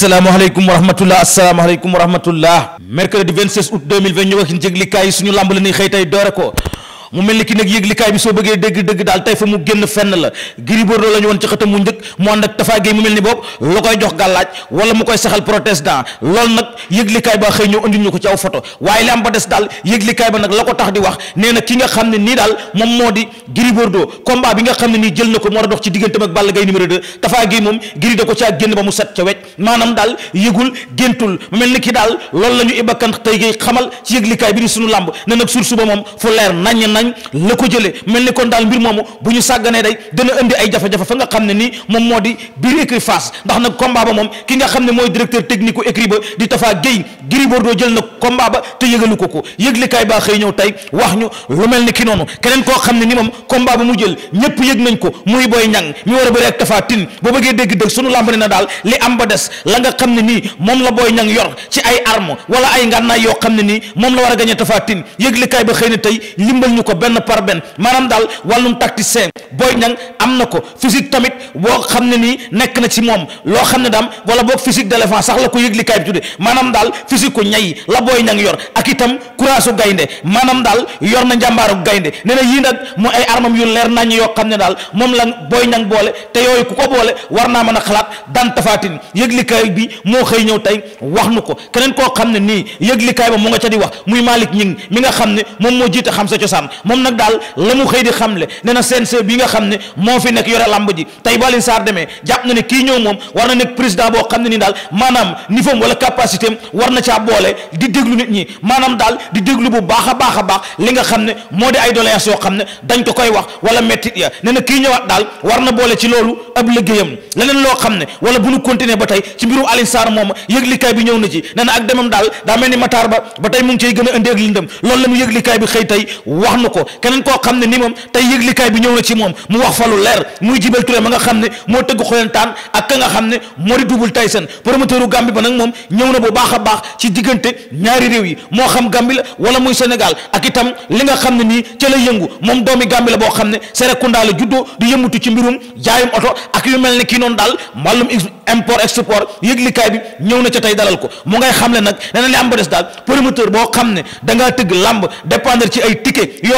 asalaamaaleykum wa rahmatullah asalaamaaleykum wa rahmatullah mercredi 26 août 2020 ñu wax njëglikaay yi suñu lamb la ñuy xëy tey doore ko mu mel ni ki nag yëglikaay bi soo bëggee dégg dëgg daal tey fa mu génn fenn la Gris Bordeaux la ñu woon ci xëtam mu njëkk mu ànd ak Tapha Gueye mu mel ni boobu la koy jox gàllaaj wala mu koy saxal protestant ko ci aw photo waaye li am ba des daal yëglikaay nag la ko tax di wax nee na ki nga xam ne nii daal moom moo di Gris Bordeaux combat bi nga xam ne nii jël na ko mu war a dox ci digganteem ak Balla Gaye numéro 2 Tapha Gueye moom Gris da ko caa génn ba mu set ca wecc maanaam daal yëgul géntul mu mel ni ki daal loolu la ñu ibakan tey gi xamal ci yëglikaay bi di sunu làmb ne nag suur suba moom fu leer naññ nañ la ko jëlee mel ni kon daal mbir moomu bu ñu sàgganee day dana indi ay jafe-jafe fa nga xam ne nii moom moo di biir écurie Fass ndax nag combat ki nga xam ne mooy directeur technique u écurie ba di Tapha Guèye Gris Bordeaux na combat ba te yëgalu ko ko yëglikaay baa xëy ñëw tey wax ñu lu mel ni ki noonu keneen koo xam ne ni moom combat ba mu jël ñëpp yëg nañ ko muy Boy Niang mi war a bëri ak Tapha Tine boo bëggee dégg dëgg sunu làmb ne na daal li am ba des la nga xam ne nii moom la Boy Niang yor ci ay arme wala ay ngànnaay yoo xam ne nii moom la war a gañe Tapha Tine yëglikaay ba xëy na tey limbal ñu ko ko benn par benn maanaam daal wàllum tacticien Boy Niang am na ko physique tamit boo xam ne nii nekk na ci moom loo xam ne daam wala boog physique d'éléphant sax la ko yëg li kaay bi tudde maanaam daal physique ku ñay la Boy yor ak itam courage su maanaam daal yor na njàmbaaru gaynde nee na yii nag mu ay armam yu leer nañ yoo xam ne daal moom la Boy Niang boole te yooyu ku ko boole war naa mën a xalaat daan tafaatin yëglikaay bi moo xëy ñëw tey wax nu ko keneen koo xam ne nii yëglikaay ba mu nga ca di wax muy Malick Ñing mi nga xam ne moom moo jiite xam sa cosaan moom nag daal la mu xëy di xamle ne na CNG bi nga xam ne moo fi nekk yore làmb ji tey balin saar demee jàpp na ne kii ñëw moom war na nekk président boo xam ne ni daal maanaam niveau wala capacité war na caa boole di déglu nit ñi maanaam daal di déglu bu baax a baax a baax li nga xam ne moo di ay doléances yoo xam ne dañ ko koy wax wala mettit ya ne na kii ñëwaat daal war na boole ci loolu ab liggéeyam leneen loo xam ne wala bu ñu continuer ba tey ci mbirum Alioune Sarr moom yëglikaay bi ñëw na daal daa mel ni Matar ba ba tey mu ngi cay gën a indi ak la mu yëglikaay bi xëy tey wax nu ko keneen koo xam ne ni moom tey yëglikaay bi ñëw na ci moom mu wax fa lu leer muy jibal Touré ma nga xam ne moo tëgg xoyantaan ak nga xam ne moo di Double Tyson promoteur u Gambie ba nag moom ñëw na bu a baax ci diggante ñaari réew yi moo xam la wala ak itam li nga xam ne nii ca la yëngu moom doomi Gambie la boo xam ne Serekunda la juddoo di yëmutu ci mbirum jaayum oto ak yu mel ne kii noonu daal màllum import export yëglikaay bi ñëw na ca tey dalal ko mu ngay xam ne nag nee na li am ba des daal promoteur boo xam ne dangaa tëgg lamb dépendre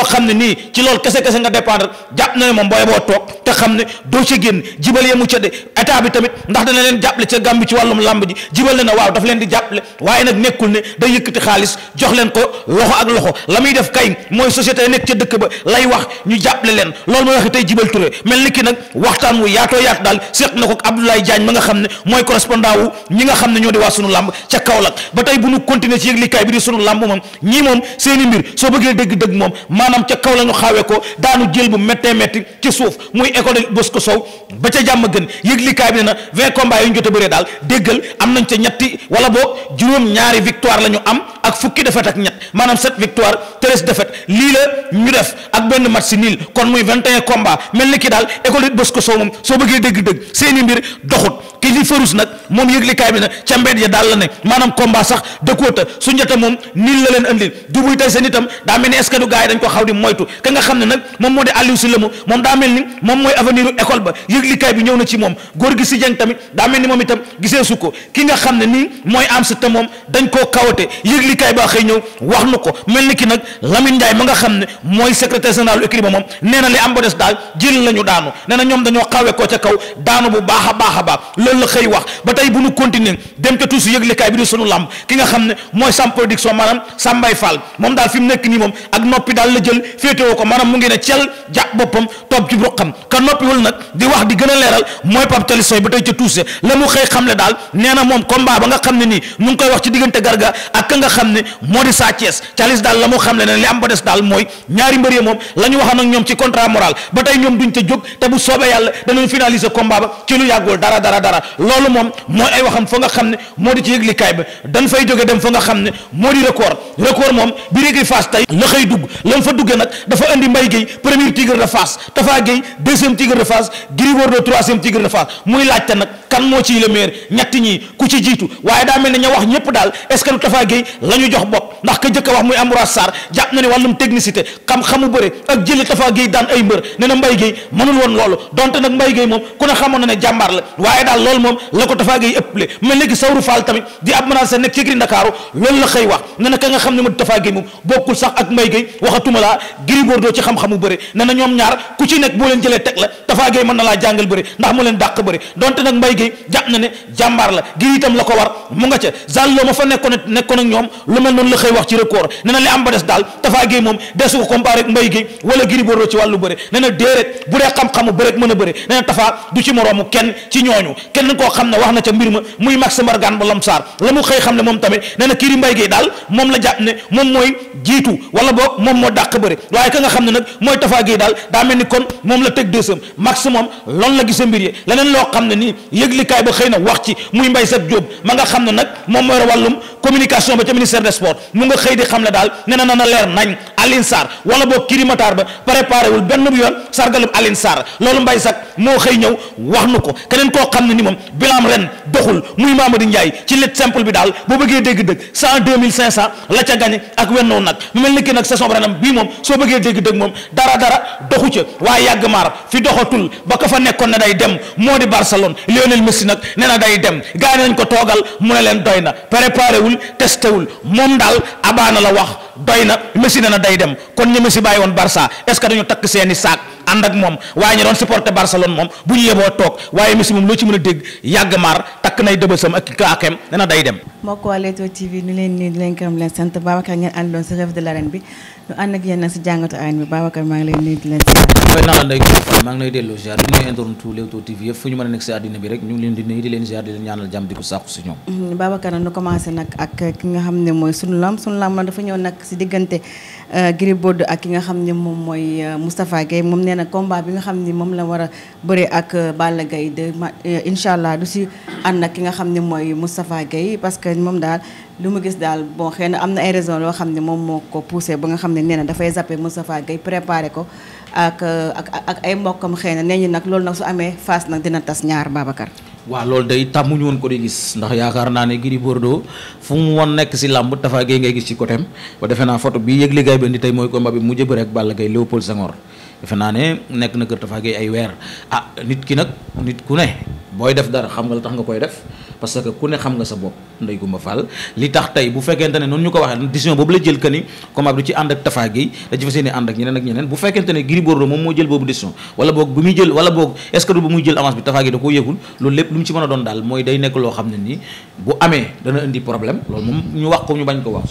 loo xam ne nii ci loolu kese kese nga dépendre jàpp na ne moom booy boo toog te xam ne doo ca génn jibal yemu ca de état bi tamit ndax dana leen jàppale ca gàmbi ci wàllum làmb ji jibal ne na waaw daf leen di jàppale waaye nag nekkul ne day yëkkati xaalis jox leen ko loxo ak loxo la muy def kay mooy société nekk ca dëkk ba lay wax ñu jàppale leen loolu mooy waxi tey jibal Touré mel ni ki nag waxtaan wu yaatoo yaat daal seq na ko Abdoulaye Diagne ma nga ne mooy correspondant wu ñi nga xam ñoo di waa sunu làmb ca ba tey bu ñu continuer ci yëglikaay bi maanaam ca kaw la ñu xawee ko daanu jël bu méttee métti ci suuf muy école Bosco Sow ba ca jàmm gën yëglikaay a la ñu am ak fukki défaite ak ñett maanaam sept victoire treize défaite lii la ñu def ak benn match si li farus bi na ca mbedd ya daal la maanaam combat sax dëkkoota su njata moom niil la leen andil du buy tey seen itam daa mel ni est dañ ko xaw di moytu ka nga xam ne nag moom moo di Aliou Sylla mu moom daa mel ni moom mooy avenir école ba yëglikaay bi ñëw na ci moom góor gi si jëng tamit daa mel ni moom itam gisee su ko ki nga xam ne te moom dañ koo kawate yëglikaay baa xëy wax nu ko mel ni ki nag Lamine Ndiaye ma nga xam ne mooy secrétaire général lu écrit ba moom nee na am ba des daal jël lañu daanu nee na ñoom dañoo xawee koo ca kaw daanu bu baax a baax a baax loolu la xëy wax ba tey bu ñu continuer dem ca tuuti yëglikaay bi di sunu làmb ki nga xam ne mooy sam production maanaam Sambay Fall moom daal fi mu nekk nii moom ak noppi daal la jël féetewoo ko maanaam mu ngi ne cel jàpp boppam toog ci ruqam ka noppiwul nag di wax di gën a leeral mooy Pape Thialis Faye ba tey ca tuuse la mu xëy xam le daal nee na moom combat ba nga xam ne nii mu ngi koy wax ci diggante garga ak ka nga xam ne moo di Sa Thiès Thialis daal la mu xam le ne li am ba des daal mooy ñaari mbër moom la wax waxoon ak ñoom ci contrat moral ba tey ñoom duñ ca jóg te bu soobee yàlla danañ finaliser combat ba ci lu yàggul dara dara dara loolu moom mooy ay waxam fa nga xam ne moo di ci yëglikaay ba dañ fay jóge dem fa nga xam ne moo di record record moom bi régli face tey la xëy dugg fa duggee nag dafa andi Mbaye Guèye premier tigre de Fass Tafa Guèye deuxième tigre de Fass Gris Bordeaux troisième tigre de Fass muy laajte nag kan moo ciy le maire ñetti ñii ku ci jiitu waaye daa mel ne ña wax ñëpp daal est-ce que du Tafa na ne wàllum technicité xam-xamu bëre ne na Mbaye Gueye mënul woon loolu donte nag Mbaye Gueye moom ku ne xamoon na na ka nga xam ne ma Tafa Gueye moom bokkul sax ak Mbaye Gueye waxatuma laa Gris Bordeaux ci xam-xamu bëre ne na ñoom ñaar ku ci nekk boo leen jëlee teg la Tafa Gueye mën na laa jàngal bëre ndax mu leen dàq bëre donte nag Mbaye gi jàpp na ne jàmbaar la gi itam la ko war mu nga ca na li am ba des na a bëre nee na Tapha du ci koo xam ne wax na ca mbir ma muy Max Mbargane ba Lamsaar la mu xëy ne moom tamit na kii di Mbaye Gueye daal moom la jàpp ne moom mooy jiitu wala boog moom moo dàq bëre waaye ka nga xam ne nag mooy Tapha Gueye daal daa mel ni kon moom la teg a max moom la gisa loo xam ne nii yëglikaay ba xëy na wax ci muy Mbaye Jacques Diop ma nga xam ne nag moom mooy wàllum communication ba ca ministère des sports mu nga xëy di xam ne daal nee na na leer nañ Alioune Sarr wala boog kirimataar ba préparé wul benn bu yoon sargalum Alioune Sarr loolu mbay sax moo xëy ñëw wax nu ko keneen koo xam ne ni moom bilaam ren doxul muy Mamadou Ndiaye ci lit simple bi daal boo bëggee dégg-dëgg cent deux mille cinq cent la ca gagné ak wennoo nag mu mel ni ki nag saison renam bii moom soo bëggee dégg-dëgg moom dara dara doxu ca waaye yàgg maar fi doxatul ba ko fa nekkoon ne day dem moo di Barcelone Lionel Messi nag nee na day dem gars yi nañ ko toogal mu leen doy na préparé wul testé wul moom daal abaana la wax doy na Messi nee na lay dem kon ñi ma bàyyi woon Barça est dañu takk seeni saak ànd ak moom waaye ñu doon supporter Barcelone moom bu ñu yeboo toog waaye Messi moom loo ci mën a dégg yàgg maar takk nay dëbësam ak a mm-hmm. ki nga xam ne mooy sunu lam sunu dafa ñëw nag si diggante euh, Gris Bordeaux ak ki nga xam ne moom mooy euh, Moustapha Gueye moom nee nag combat bi nga xam ni moom la war a bëre ak euh, Balla gay de euh, incha allah du si ànd ak ki nga xam ne mooy Moustapha Guèye parce que moom daal lu mu gis daal boo xëy na am na ay raison loo xam ne moom moo ko poussé ba nga xam ne nee na dafay zappé Moustapha Guèye préparé ko euh, ak ak ak ay mbokkam xëy na nee ñu nag loolu nag su amee face nag dina tas ñaar Babacar. waaw loolu day tàmmuñu woon ko di gis ndax yaakaar naa ne Gris Bordeaux fu mu woon nekk si làmb Tapha Guèye ngay gis ci côté am ba defe naa photo bi yëg liggéey bi indi defe naa ne nekk na kër Tafa Gueye ay weer ah nit ki nag nit ku ne booy def dara xam nga la tax nga koy def parce que ku ne xam nga sa bopp Ndeye Coumba Fall li tax tey bu fekkente ne noonu ñu ko waxee décision boobu la jël que ni combat bi du ci ànd ak Tafa Gueye da ci fas yéene ànd ak ñeneen ak ñeneen bu fekkente ne Gris moom moo jël boobu décision wala boog bu muy jël wala boog est du bu muy jël avance bi Tafa Gueye da ko yëgul loolu lépp lu mu ci mën a doon daal mooy day nekk loo xam ne nii bu amee dana indi problème loolu moom ñu wax ko ñu bañ ko wax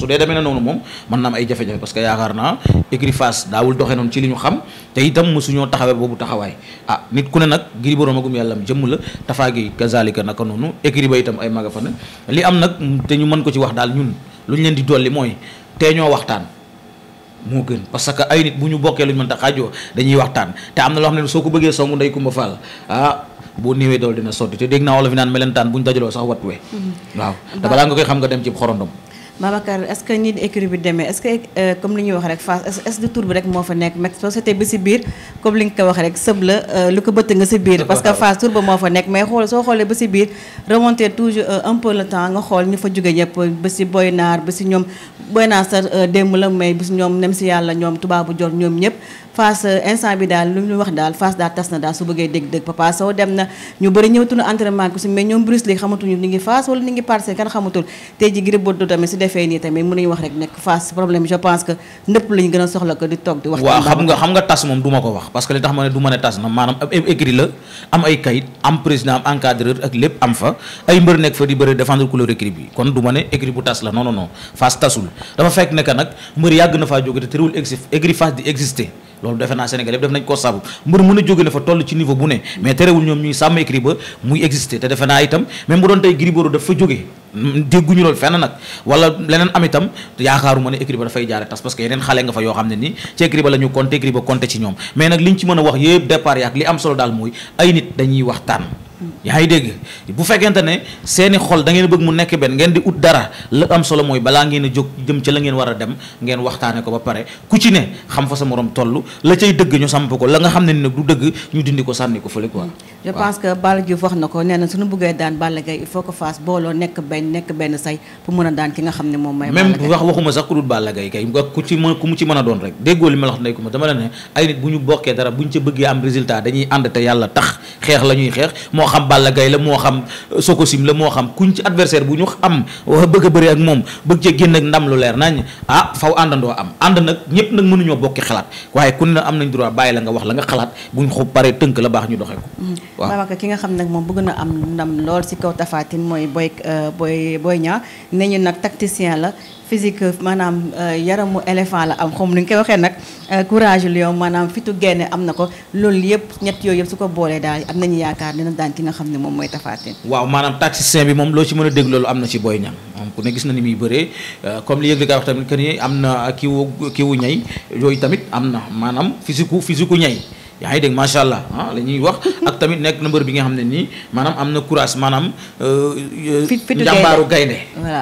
su itam ay maga fa ne li am nag te ñu mën ko ci wax daal ñun lu ñu leen di dolli mooy tee ñoo waxtaan moo gën parce que ay nit bu ñu bokkee lu ñu mën ta xaajoo dañuy waxtaan te am na loo xam ne soo ko bëggee songu ndey kumba faal ah boo néewee dool dina sotti te dégg naa wala fi naan melentaan bu ñu dajaloo sax wat we mm-hmm. waaw te balaa nga koy xam nga dem ci xorondom Babacar est-ce que nii écurie bi demee est-ce que euh, comme li ñuy wax rek Fass est-ce tour bi rek moo fa nekk mais société bi si biir comme li nga ko wax rek sëb la euh, lu ko bëtt nga si biir parce que Fass tour ba moo fa nekk mais xool soo xoolee ba si biir remonter toujours euh, un peu le temps nga xool ñu fa jóge ñëpp ba si Boy Naar ba si ñoom Boy Naar sa démb la mais ba si ñoom nem si yàlla ñoom tubaabu jor ñoom ñëpp Fass instant bi daal lu ñu wax daal Fass defee nii tamit mën nañu wax rek nekk face problème je pense que nëpp lañu gën a soxla ko di toog di wax nga xam nga tas moom du ko wax parce li tax ma ne du ne tas na maanaam ab écrit la am ay kayit am président ak lépp am fa ay mbër nekk fa di bëri défendre couleur écrit bi kon du ne écrit bu tas la non non non tasul dafa fekk ne nag mbër yàgg na faa jóge te terewul exi di exister loolu defe naa Sénégal yëpp def nañ ko saabu mbër mën a jógale fa toll ci niveau bu ne mais terewul ñoom ñuy sàmm écrit muy exister te defe naa itam même bu doon tey Gris Bordeaux dafa jóge dégguñu loolu fenn nag wala leneen am itam yaakaaru ma ne écrit ba dafay jaare tas parce que yeneen xale nga fa yoo xam ne ni ci écrit ba la ñu compté écrit ba compté ci ñoom mais nag liñ ci mën a wax yëpp départ yaak li am solo daal mooy ay nit dañuy waxtaan yaa ngi dégg bu fekkente ne seeni xol da bëgg mu nekk benn ngeen di ut dara la am solo mooy balaa ngeen a jóg jëm ci la ngeen war a dem ngeen waxtaane ko ba pare ku ci ne xam fa sa morom toll la cay dëgg ñu samp ko la nga xam ne ni nag du dëgg ñu dindi ko sànni ko fële quoi. je pense que Balla Diouf wax na ko nee na suñu bëggee daan Balla Gaye il faut que Fass booloo nekk benn nekk benn say pour mën a daan ki nga xam ne moom may même a doon rek déggoo li ma la la ne ay nit xam Balla Gaye la moo xam euh, Sokocim la moo xam kuñ ci adversaire bu ñu am wax bëgg a bëri ak moom bëgg cee génn ak ndam lu leer naa nañ ah faw àndandoo am ànd nag ñëpp nag mënuñoo bokki xalaat waaye ku ne am nañ droit bàyyi la nga wax la nga xalaat buñ xub paree tënk la baax ñu doxee ko mm. waaw ki nga xam nag moom bëgg na am ndam lool si kaw Tapha mooy boy euh, boy boy ñaa ne ñu nag tacticien la physique maanaam euh, yaramu éléphant la am xom ni nga koy waxee nag euh, courage lion maanaam fitu génne am na ko loolu yëpp ñett yooyu yëpp su ko boolee daal am nañu yaakaar dina daan ki nga xam ne moom mooy Tapha Tine waaw maanaam tacticien bi moom loo ci mën a dégg loolu am na ci Boy Niang moom ku ne gis na ni muy bëree euh, comme li yëg li wax tamit que ni am na kiwu kiwu ñay yooyu tamit am na maanaam physique ku physique ku ñay yaa ngi dégg macha allah ah la ñuy wax ak tamit nekk na mbër bi nga xam ne nii maanaam am na courage maanaam. Euh, njàmbaaru gaynde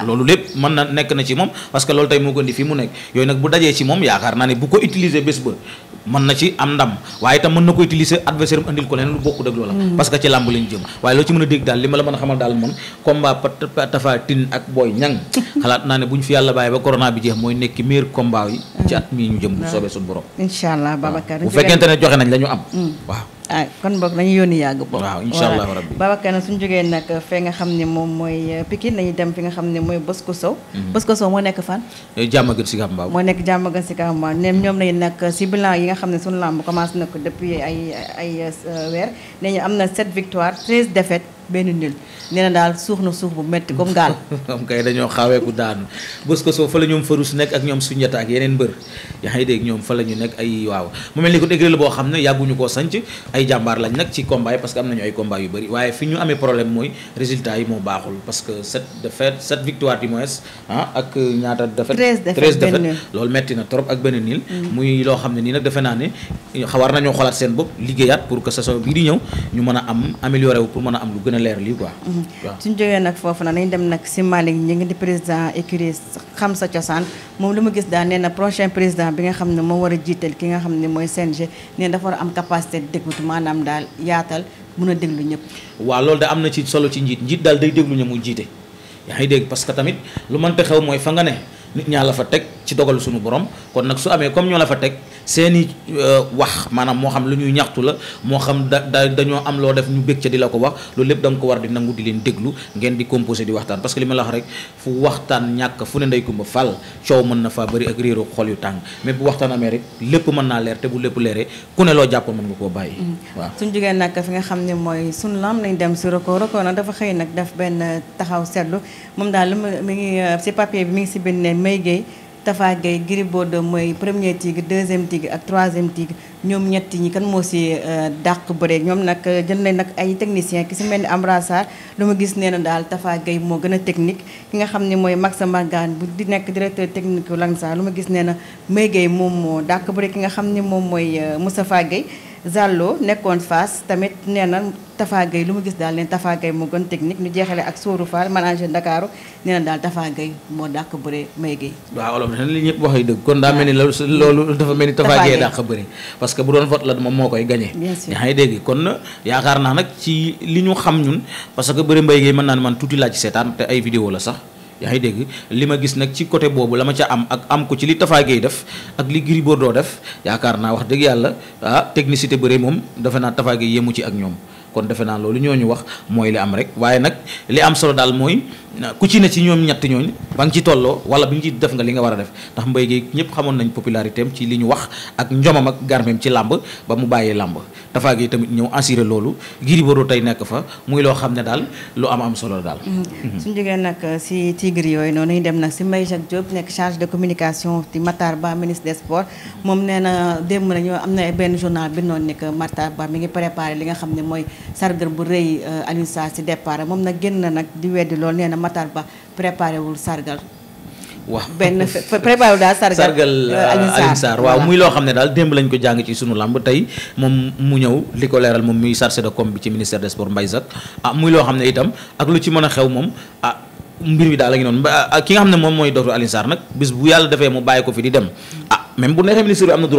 loolu lépp mën na nekk na ci moom parce que loolu tey moo ko indi fii mu nekk yooyu nag bu dajee ci moom yaakaar naa ne bu ko utiliser bés ba mën na ci am ndam waaye itam mën na ko utiliser adversaire am andil ko leen lu bokku dëgg loola mm. parce que ci làmb lañ jëm waaye loo ci mën a dégg daal li ma la mën a xamal daal moom combat Tapha Tine ak Boy Niang xalaat naa ne bu ñu fi yàlla bàyyi ba corona bi jeex mooy nekk meilleur combat yi ci at mii ñu jëm bu mm. soobee suñu borom bu fekkente ne joxe nañ la am mm. waaw ah kon boog dañuy yónni yàgg boobu waaw incha allah rabbi Babacar nag suñu jógee nag fee nga xam ne moom mooy euh, Pikine nañu dem fi nga xam ne mooy bës ko Sow bës mhm. Bosco Sow moo nekk fan eh, jàmm gën si Kamba Mbaaw moo nekk jàmm gën si Kamba Mbaaw ne ñoom nañu nag si bilan yi nga xam ne suñu làmb commencé na ko depuis ay ay euh, weer ne ñu am na 7 victoires 13 défaites benn nul nee daal suux na suux bu metti comme gaal. moom kay dañoo xaaweeku daanu bës ko soo fa la nekk ak ñoom suñu ak yeneen mbër yaa ngi ñoom fa la nekk ay waaw mu metti na trop ak benn nil mm-hmm. muy loo xam ne nii nag defe naa ne xawaar nañoo xolaat seen bopp liggéeyaat pour que saison bii di ñëw ñu mën a am amélioré pour mën a am lu gën a leer lii quoi. Mhm. waaw suñu jógee nag foofu nag nañ dem nag si Malick ñi ngi di président écurie xam sa cosaan moom lu mu gis daal nee prochain président bi nga xam ne moo war a jiital ki nga xam ne mooy CNG nee dafa war a am capacité d'écoute maanaam daal yaatal mun a déglu ñëpp. waaw loolu da am na ci solo ci njiit njiit daal day déglu ña mu jiite yaa ngi dégg parce tamit lu mënta xew mooy fa nga ne nit ñaa la fa teg. ci dogal suñu borom kon nag su amee comme ñoo la fa teg seeni euh, wax maanaam moo xam lu ñuy ñaxtu la moo xam da da dañoo am loo def ñu bég ca di la ko wax loolu lépp da nga ko war di nangu la wax rek fu waxtaan ñàkk fu ne ndey kumba fal coow mën na faa bëri ak réeru xol yu tàng mais bu waxtaan amee rek lépp mën naa leer te bu lépp leeree ku ne loo jàppoon mën nga koo bàyyi mm-hmm. suñ jógee nag fi nga xam ne mooy suñu lam nañ dem si record record nag dafa xëy nag def benn Tafa Gueye Gris Bordeaux mooy premier tigre deuxième tigre ak troisième tigre ñoom ñetti ñi kan moo si euh, dàq bëre ñoom nag euh, jën nañ nag ay technicien ki si mel ni Ambra lu ma gis nee na daal Tafa Gueye moo gën a technique ki nga xam ne mooy Max Mbargane bu di nekk directeur technique yu Lansar lu ma gis neena na Mbaye moom moo dàq bëre ki nga xam ne moom mooy euh, Moustapha Gueye Zallo nekkoon fas tamit nee na Tafa Gueye lu mu gis daal leen Tafa Gueye moo gën technique ñu jeexale ak Sourou Fall manager Ndakaaru nee na daal Tafa moo dàq bëre Mbaye Gueye waaw olof na li ñëpp wax yu dëgg kon daa mel ni loolu dafa mel ni Tafa Gueye dàq bëre parce que bu doon vote la moom moo koy gagné yaa ngi dégg kon yaakaar naa nag ci li ñu xam ñun parce que bëre Mbaye Gueye mën naa ne man tuuti laa ci seetaan te ay vidéo la sax yaa ngi dégg li ma gis nag ci côté boobu la ma ca am ak am ko ci li Tapha def ak li Gris doo def yaakaar naa wax dëgg yàlla ah technicité bëre moom defe naa Tapha yemu ci ak ñoom kon defe naa loolu ñooñu wax mooy li am rek waaye nag li am solo daal mooy ku ci ne ci ñoom ñett ñooñu ba nga ci tolloo wala bi nga def nga li nga war a def ndax Mbaye Guèye ñëpp ba mu bàyyee làmb Tapha Guèye tamit ñëw assuré loolu Gris Bordeaux tey nekk fa muy loo xam ne daal lu am am solo daal mm-hmm. mm-hmm. suñ jógee nag euh, si Jacques Diop nekk charge de communication di Matar Ba ministre des sports mm-hmm. moom nee na démb nañu am na benn journal bi noonu ni Matar Ba mi ngi préparé li nga xam ne mooy sargal bu rëy euh, Alioune Sarr si départ moom nag génn na nag di weddi loolu nee na Matar Ba préparé wul sargal. waaw benn préparé wul daal sargal euh, euh, Alioune Sarr waaw muy loo xam ne daal démb lañ ko jàng ci sunu làmb tey moom mu ñëw li ko leeral moom muy chargé de com bi ci ministère de sports Mbaye Jacques ah muy loo xam ne itam ak lu ci mën a xew moom ah, mbir mi daal a ngi noonu ah, ki nga xam ne moom mooy docteur Alioune Sarr nag bis bu yàlla defee mu bàyyi ko fi di dem ah même bu neexee ministre bi am na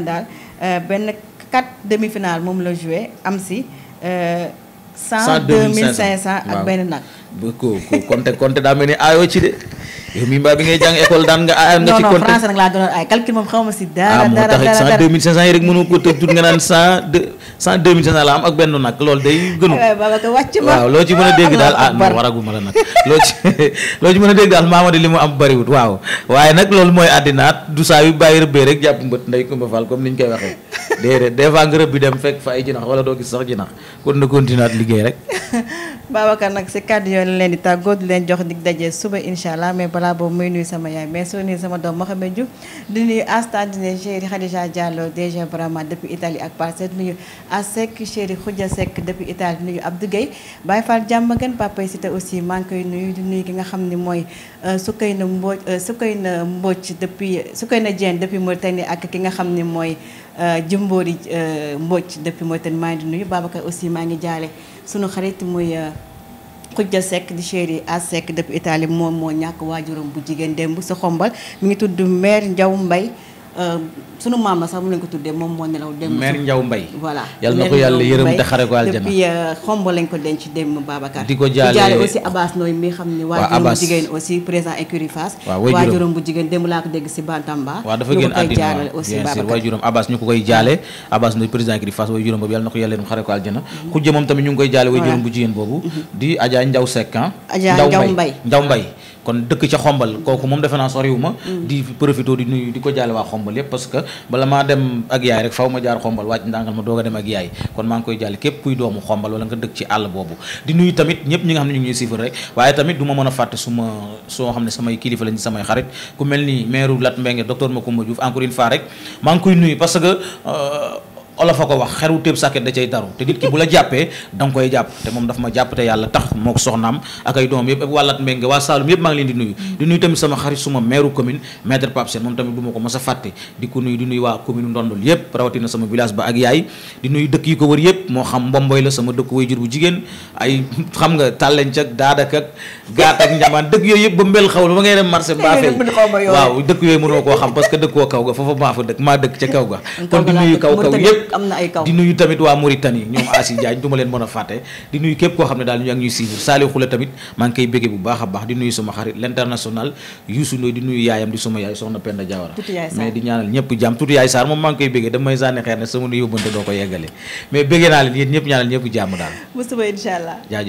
daal mhm. euh, benn quatre demi-finale moom la joué am si. Euh, cent deux mille cinq cent ak benn nag. bu ko ko compter compter daa mel ni aayoo ci de yow mi bi ngay jàng école daan nga aayaan nga ci compter nag laa doon ay calcul moom xaw ma si. dara dara ah, dara tax cent deux mille cinq cent yi rek mënoo ko tëb tuut nga am ak benn nag loolu day gënu. Eh, waaw loo ci mën a dégg daal ah non waraguma la nag loo ci loo ci mën a dégg daal maama di li mu am bariwut waaw waaye nag loolu mooy àddinaat du saa yu bàyyi rëbbee rek jàpp mbët ndey Kumba Fall comme ni ñu koy waxee. déedéet des fois nga rëbb bi dem fekk fa ay jinax wala doo gis sax jinax kon na continuer at liggéey rek. Babacar nag si kàddu yooyu leen di tàggoo leen jox dig daje suba incha allah mais balaa boobu muy nuyu sama yaay mais soo nuyu sama doom Mouhamed Diouf di nuyu Asta Diné chéri Khadija Diallo DG Brahma depuis Italie ak Parcelles nuyu Asek chéri Khoudia Seck depuis Italie nuyu Abdou Guèye Baye Fall jàmm gën papa Sita aussi maa ngi koy nuyu di nuyu ki nga xam ne mooy euh, Soukeyna euh, Mbodj Soukeyna depuis Soukeyna Dieng ak ki nga xam ne mooy. Euh, jëmboori euh, Mbodj depuis Mauritanie maa ngi di nuyu Babacar aussi maa ngi jaale suñu xarit muy euh, Khoudia Seck di chéri à Seck depuis Italie moom moo ñàkk waajuram bu jigéen démb sa xombal mi ngi tudd mère Ndiaw mbay Euh, sunu maam la sax mu lañ ko tuddee moom moo nelaw démb mère njaw mbay voilà yal na ko yàlla yërëm te xare ko aljana depuis euh, xomb ko denc démb Babacar di ko jaale aussi Abbas Nooy mi xam ne waajuram bu jigéen aussi président écurie Fass waajuram bu jigéen démb laa si Bantamba waaw dafa gën àddina jaarale aussi Babacar waajuram Abbas ñu ko koy jaale Abbas Nooy président écurie Fass waajuram boobu yàlla na ko yàlla yërëm xare ko aljana mhm. ku jë moom tamit ñu ngi koy jaale waajuram bu jigéen boobu mhm. di Adja Ndiaw Seck ah. Adja Ndiaw kon dëkk ca xombal kooku moom defe naa soriwu ma mm. di profité di nuyu di ko jaale waa xombal yépp parce bala maa dem ak yaay rek faw ma jaar xombal wàcc ndàngal ma doog a dem ak yaay kon maa ngi koy jaale képp kuy doomu xombal wala nga dëkk ci àll boobu di nuyu tamit ñëpp ñi nga xam ne ñu ngi ñuy rek waaye tamit du ma mën a fàtte su ma soo xam ne samay kilifa lañ samay xarit ku mel ni maire Lat Mbengue docteur Macoumba Diouf encore une fois olof a ko wax xeru téeb sàkket da cay taru te nit ki bu la jàppee da koy jàpp te moom dafa ma jàpp te yàlla tax moo soxnaam ak ay doomam yëpp ak wàllat mbénge waa Saloum yëpp maa ngi leen di nuyu di nuyu tamit sama xarit suma maire commune maître Pape Sène moom tamit du ma ko mës ko yëpp rawatina sama village moo xam mbomboy la sama dëkk way jur bu jigéen ay xam nga tàllenc ak daadak ak gaat ak njamaan dëkk yooyu yëpp ba mbel xaw ba ngay dem marché baafee waaw dëkk yooyu mënoo koo xam parce que dëkkoo kaw ga foofa maa fa dëkk maa dëkk ca kaw ga kon di nuyu kaw kaw yëpp ñëpp am na ay di nuyu tamit waa Mauritanie ñoom Asi Diagne du ma leen mën a fàtte di nuyu képp koo xam ne daal ñu ngi ñuy suivre Saliou Khoule tamit maa ngi koy béggee bu baax a baax di nuyu sama xarit l'international Youssou Ndoye di nuyu yaayam di suma yaay soxna Penda Diawara mais di ñaanal ñëpp jàmm tuuti yaay Sarr moom maa ngi koy béggee damay sànni xeer ne sama nu yóbbante doo ko yeggale mais béggee naa leen yéen ñaanal ñëpp jàmm daal